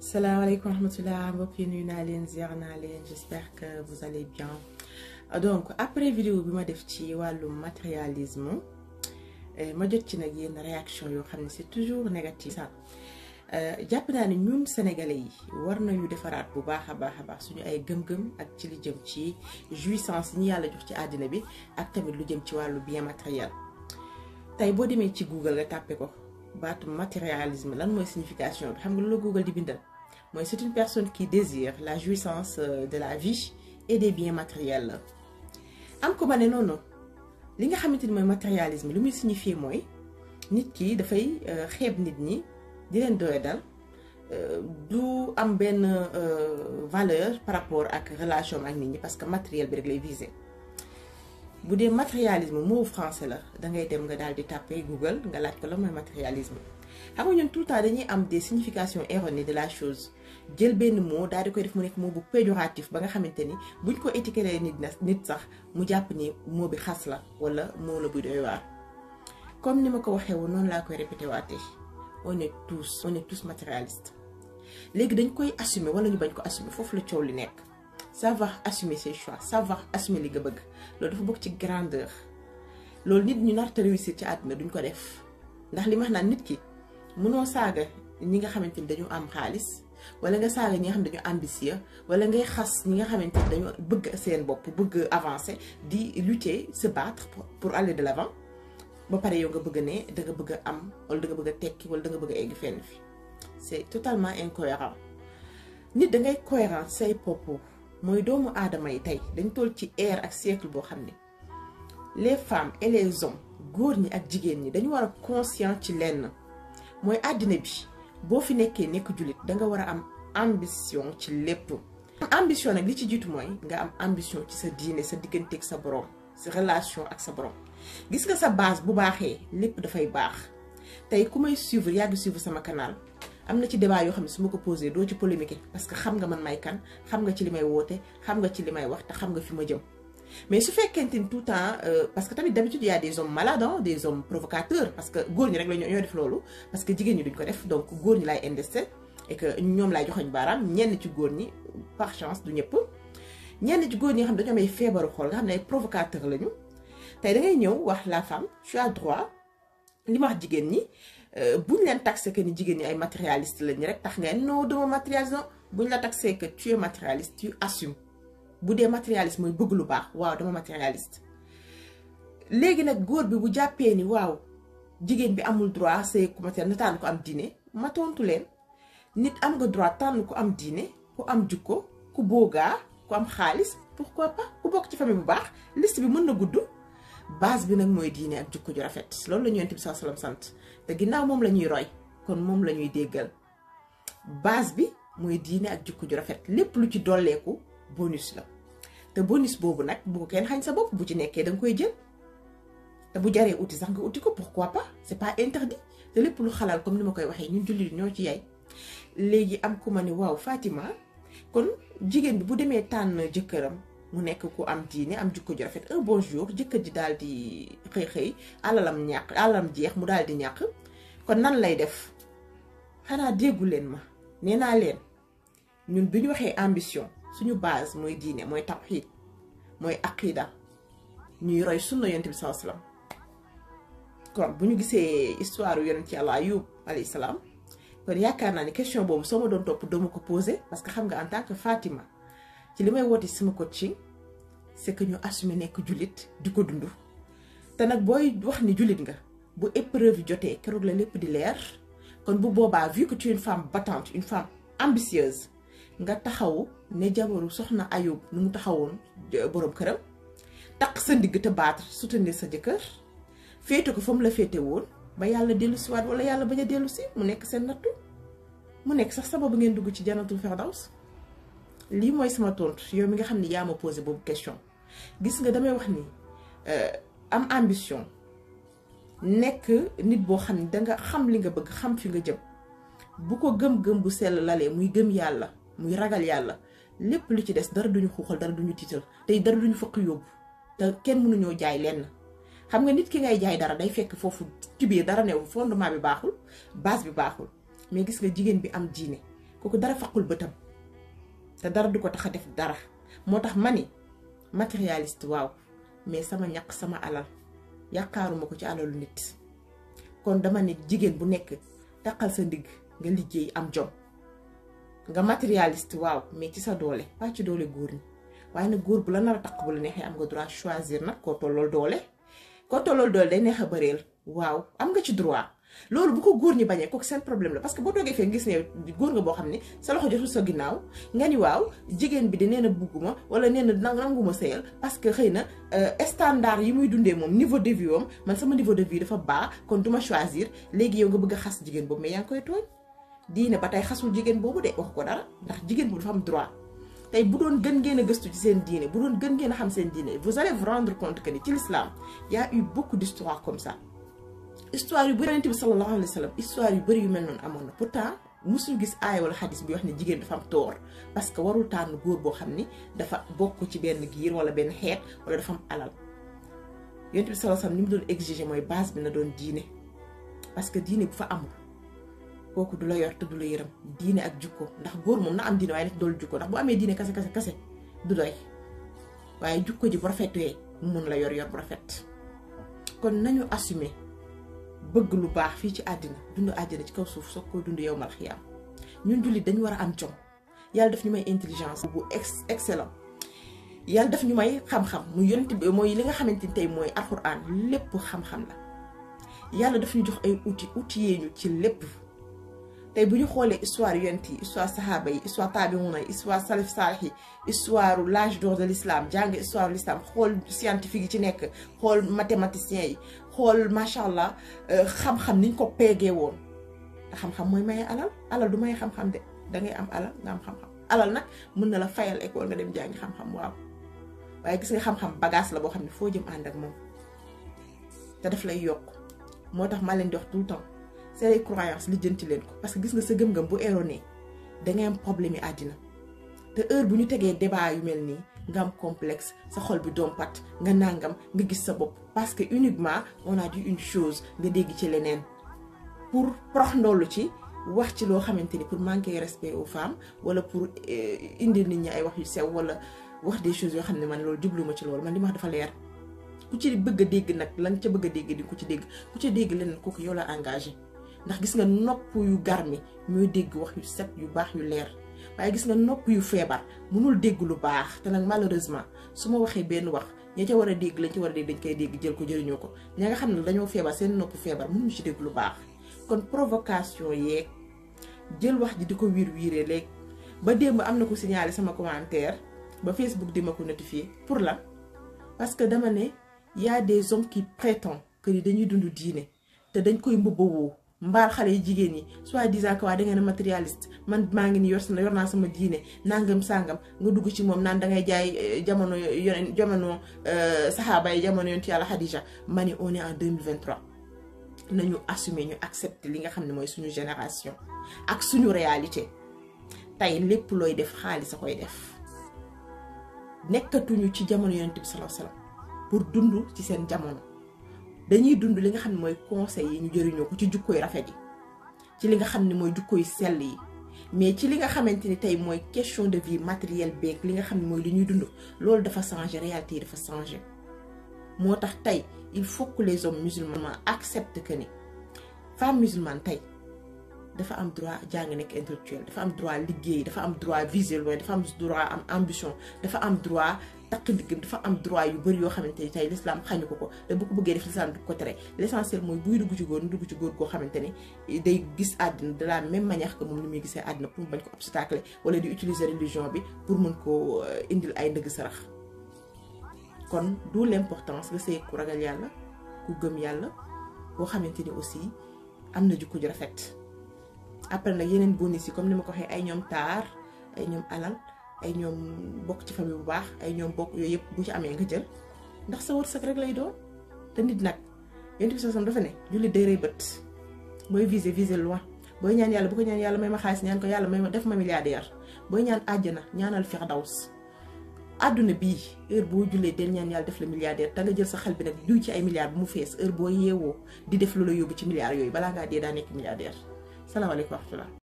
salaamaaleykum wa rahmatulah mbokk nuyu naa leen ziar naa leen j'espère que vous allez bien donc après vidéo bi ma def ci wàllum matérialisme eh, ma jot ci nag yenn réaction yoo xam ne si toujours négatif sax eh, jàpp naa ne ñun sénégalais yi war nañu defaraat bu baax a baax a baax suñu ay gëm-gëm ak ci li jëm ci jouissance yi ñu yàlla jox ci àddina bi ak tamit lu jëm ci wàllu bien matériel tey boo demee ci Google nga tàppe ko. baatu matérialisme lan mooy signification bi xam nga lu la Google di bindal mooy c'est une personne qui désire la jouissance euh, de la vie et des biens matériels am ko ma ne noonu li nga xamante ni mooy matérialisme lu muy signifier mooy nit ki dafay euh, xeeb nit ñi di leen doyadal euh, du am benn valeur par rapport ak relation ak nit ñi parce que matériel bi rek lay viser bu dee matérialisme mot français la da ngay dem nga daal di tàppe Google nga laaj ko la mooy matérialisme xam nga ñun tout le temps dañuy am des significations erronées de la chose jël benn moo daal di koy def mu nekk mot bu péjoratif ba nga xamante ni buñ ko étiqueté nit na nit sax mu jàpp ni moo bi xas la wala mot la bu doy waar. comme ni ma ko waxee woon noonu laa koy répété waatee on est tous on tous matérialistes léegi dañ koy assumer wala ñu bañ ko assumer foofu la coow li nekk. savoir assumer ses choix savoir assumer li nga bëgg loolu dafa bëgg ci grandeur loolu nit ñu narta réussir ci àdduna duñ ko def ndax li max naa nit ki mënoo saaga ñi nga xamante ni dañu am xaalis wala nga saaga ñi nga xam ne dañu ambitieux wala ngay xas ñi nga xamante ni dañu bëgg seen bopp bëgg avancé di lutter se battre pour aller de l'avant ba pare yow nga bëgg ne da nga bëgg a am wala danga bëgg a tekki wala da nga bëgg a egg fenn fi c'est totalement incohérent nit da ngay cohérent mooy doomu aadama yi tey dañ toll ci ère ak siècle boo xam ne les femmes et góor ñi ak jigéen ñi dañu war a conscient ci lenn mooy àddina bi boo fi nekkee nekk jullit da nga war a am ambition ci lépp. ambition nag li ci jiitu mooy nga am ambition ci sa diine sa digganteek sa borom sa relation ak sa borom gis nga sa base bu baaxee lépp dafay baax tey ku may suivre yàgg suivre sama canal. am na ci débat yoo xam ne su ma ko posé doo ci polémique parce que xam nga man may kan xam nga ci li may woote xam nga ci li may wax te xam nga fi ma jëm mais su fekkente ni tout temps euh, parce que tamit d'habitude y a des hommes malades des hommes provocateurs parce que góor ñi rek la ñoo def loolu parce que jigéen ñi duñ ko def donc góor ñi laay indesté et que ñoom laay joxoñ baaraam ñenn ci góor ñi par chance du ñëpp ñenn ci góor ñi xam ne dañoo may ay feebaru xool nga xam ne ay provocateur lañu tey da ngay ñëw wax la femme tu droit li ma wax jigéen ñi Euh, buñ leen taxé que ni jigéen ñi ay matérialiste lañu rek tax ngeen non dama matérialiste bu buñ la taxé que tu es matérialiste tu assumes bu dee matérialiste mooy bëgg lu baax waaw dama matérialiste. léegi nag góor bi bu jàppee ni waaw jigéen bi amul droit sëy ku matériel na tànn ko am diine ma tontu leen nit am nga droit tànn ku am diine ku am jukko ku boogaa ku am xaalis pourquoi pas ku bokk ci famille bu baax liste bi mën na gudd. base bi nag mooy diine ak jukko ju rafet loolu la ñu yonent bi saa sant te ginnaaw moom la ñuy roy kon moom la ñuy déggal base bi mooy diine ak jukko ju rafet lépp lu ci dolleeku bonus la te bonus boobu nag boo ko kenn xañ sa bopp bu ci nekkee da nga koy jël te bu jaree uti sax nga uti ko pourquoi pas c'est pas interdit te lépp lu xalaal comme ni ma koy waxee ñun jullit ñoo ci yaay léegi am ku ma ne waaw Fatima kon jigéen bi bu demee tànn jëkkëram mu nekk ku am diine am jukko ju rafet un bon jour jëkkër ji daal di xëy xëy alalam ñàkk alalam jeex mu daal di ñàkk kon nan lay def xanaa déggu leen ma nee naa leen ñun bi ñu waxee ambition suñu base mooy diine mooy tawxiid mooy aqida ñuy roy sunna yonent bi saa salaam kon bu ñu gisee histoire yonent yàlla ayub alayhi salaam kon yaakaar naa ni question boobu soo ma doon topp doo ma ko posé parce que xam nga en tant que Fatima. ci li may woote sama coaching c'est que ñu assumer nekk jullit di ko dund te nag booy wax ni jullit nga bu épreuve jotee keroog la lépp di leer kon bu boobaa vu que tu es une femme battante une femme ambitieuse nga taxaw ne jabaru soxna Ayub nu mu taxawoon euh, borom këram taq sa ndigg te baat soutenir sa jëkkër féete ko fa mu la féete woon ba yàlla dellu si waat wala yàlla bañ a dellu si mu nekk seen nattu mu nekk sax sababu ngeen dugg ci janatul firdaws lii mooy sama tontu yow mi nga xam ni yaa ma posé boobu question gis nga damay wax ni euh, am ambition nekk nit boo xam ni danga xam li nga bëgg xam fi nga jëm bu ko gëm-gëm bu sell lalee muy gëm yàlla muy ragal yàlla lépp lu ci des dara duñu xuuxal dara duñu tiital tey dara duñu fëq yóbbu te kenn mënuñoo jaay lenn xam nga nit ki ngay jaay dara day fekk foofu ci biir dara new fondement bi baaxul baas bi baaxul mais gis nga jigéen bi am diine kooku dara faqul bëtam te dara du ko tax a def dara moo tax ma ni matérialiste waaw mais sama ñaq sama alal yàqaaruma ko ci alalu nit kon dama ne jigéen bu nekk taqal sa ndigg nga liggéey am jom nga matérialiste waaw mais ci sa doole waa ci doole góor ñi waaye na góor bu la nar a taq bu la neexee am nga droit choisir nag koo tollool doole koo tollool doole day neex a bëreel waaw am nga ci droit loolu bu ko góor ñi bañee kooku seen problème la parce que boo toogee fee gis ne góor nga boo xam ne sa loxo jotul sa ginnaaw nga ni waaw jigéen bi di nee na bugguma wala nee na ma sëyal parce que xëy na euh, standard yi muy dundee moom niveau de vie am man sama niveau de vie dafa baax kon duma choisir léegi yow nga bëgg a xas jigéen boobu mais yaa ngi koy tooñ diine ba tey xasul jigéen boobu de wax ko dara ndax jigéen boobu dafa am droit tey bu doon gën ngeen a gëstu ci seen diine bu doon gën a xam seen diine vous rendre compte que ni ci l'islam a eu beaucoup d'histoires comme ça histoire yu bëri yonent bi sallallahu alayhi wa sallam histoire yu bëri yu mel noonu amoon na pourtant musul gis aaya wala xadis bi wax ne jigéen dafa am toor parce que warul tànn góor boo xam ni dafa bokk ci benn giir wala benn xeet wala dafa am alal yonent bi sallallahu alayhi wa sallam ni mu doon exiger mooy base bi na doon diine parce que diine bu fa amul kooku du la yor te du la yëram diine ak jukko ndax góor moom na am diine waaye nag dool jukko ndax bu amee diine kase kase kase du doy waaye jukko ji bu rafetee mu mun la yor yor bu rafet kon nañu assumer bëgg lu baax fii ci àddina dund àjjana ci kaw suuf soog koy dund yow mal xiyaam ñun jullit dañu war a am jom yàlla daf ñu may intelligence bu ex excellent yàlla daf ñu may xam-xam mu yonti mooy li nga xamante ni tey mooy alxuraan lépp xam-xam la yàlla daf ñu jox ay outils outillé ñu ci lépp tey bu ñu xoolee histoire yonti yi histoire sahaaba yi histoire taabiwuna yi histoire salaf saalix yi histoire lage d'or de l'islam jàng histoire l'islam xool scientifique yi ci nekk xool mathématicien yi xool macha allah euh, xam-xam niñ ko peegee woon xam-xam mooy maye alal alal du maye xam-xam de da ngay am alal nga am xam-xam alal nag mun na la fayal école nga dem jàngi xam-xam waaw waaye gis nga xam-xam bagage la boo xam ne foo jëm ànd ak moom te daf lay yokk moo tax maa leen di wax tout le temps lijjanti leen ko parce que gis nga sa gëm-gëm bu erroné da ngay am problème yi àddina te heure bu ñu tegee débat yu mel nii. nga am complexe sa xol bi dompat nga nangam nga gis sa bopp parce que uniquement moo a dit une chose nga dégg ci leneen pour prox ndollu ci wax ci loo xamante ni pour manquer respect au femmes wala pour eh, indi nit ñi ay wax yu sew wala wax de choses yoo xam ne man loolu jubluma ci loolu man li ma wax dafa leer ku ci bëgg a dégg nag lan ca bëgg a dégg di ko ci dégg ku ci dégg leneen kooku yow la engagé ndax gis nga nopp yu gar mi ñooy dégg wax yu set yu baax yu leer waaye gis nga nopp yu feebar mënul dégg lu baax te nag malheureusement su ma waxee benn wax ña ca war a dégg lañ ci war a dégg dañ koy dégg jël ko jëriñoo ko ña nga xam ne dañoo feebar seen nopp feebar mënuñu ci dégg lu baax kon provocation yee jël wax ji di ko wiir wiiree léeg ba démb am na ko signalé sama commentaire ba Facebook di ma ko notifié pour la parce que dama ne y a des hommes qui prétendent que ni dañuy dund diine te dañ koy mbubbawoo mbaal xale yi jigéen yi soit disant que waa da ngeen matérialiste man maa ngi ni yor na yor naa sama diine nangam sàngam nga dugg ci moom naan dangay jaay eh, jamono yoneen jamono eh, saxaaba yi jamono yonent yàlla Xadija ma ne on est en 2023 nañu assumer ñu accepter li nga xam ne mooy suñu génération ak suñu réalité tey lépp looy def xaalis a koy def nekkatuñu ci jamono yonent bi sallallahu pour dund ci seen jamono dañuy dund li nga xam ne mooy conseil yi ñu jëriñoo ko ci jukkoy rafet yi ci li nga xam ne mooy jukkoy sell yi mais ci li nga xamante ni tey mooy question de vie matérielle beeg li nga xam ne mooy li ñuy dund loolu dafa changé réalité yi dafa changé moo tax tey il faut que les hommes musulmans acceptent que ni femme musulmane tey dafa am droit jàng nekk intellectuel dafa am droit liggéey dafa am droit viser loin dafa am droit am ambition dafa am droit takk ndiggam dafa am droit yu bëri yoo xamante ni tey l'islam xañu ko ko te du ko tere l'essentiel mooy buy dugg ci góor ñu dugg ci góor koo xamante ni gis àddina de la même moom li muy gisee àddina pour mu bañ ko obstacle wala di utiliser religion bi pour mën koo euh, indil ay ndëgg sarax kon d'où l'importance nga sëy ku ragal yàlla ku gëm yàlla koo xamante ni aussi am na jikko ju rafet après nag yeneen bonus yi comme ni ma ko waxee ay ñoom taar ay ñoom alal ay ñoom bokk ci famille bu baax ay ñoom bokk yooyu yëpp bu ci amee nga jël ndax sa wërsëg rek lay doon te nit nag yonent bi sallallahu alayhi wasallam dafa ne julli bët booy viser viser loin booy ñaan yàlla bu ko ñaan yàlla may ma xaalis ñaan ko yàlla may ma def ma milliardaire booy ñaan àjjana ñaanal firdaws àdduna bii heure boo jullee del ñaan yàlla def la milliardaire te nga jël sa ci ay milliards bu mu fees heure boo yeewoo di def loola yóbbu ci milliards yooyu balaa ngaa dee daa nekk milliardaire salaamaaleykum wa rahmatulah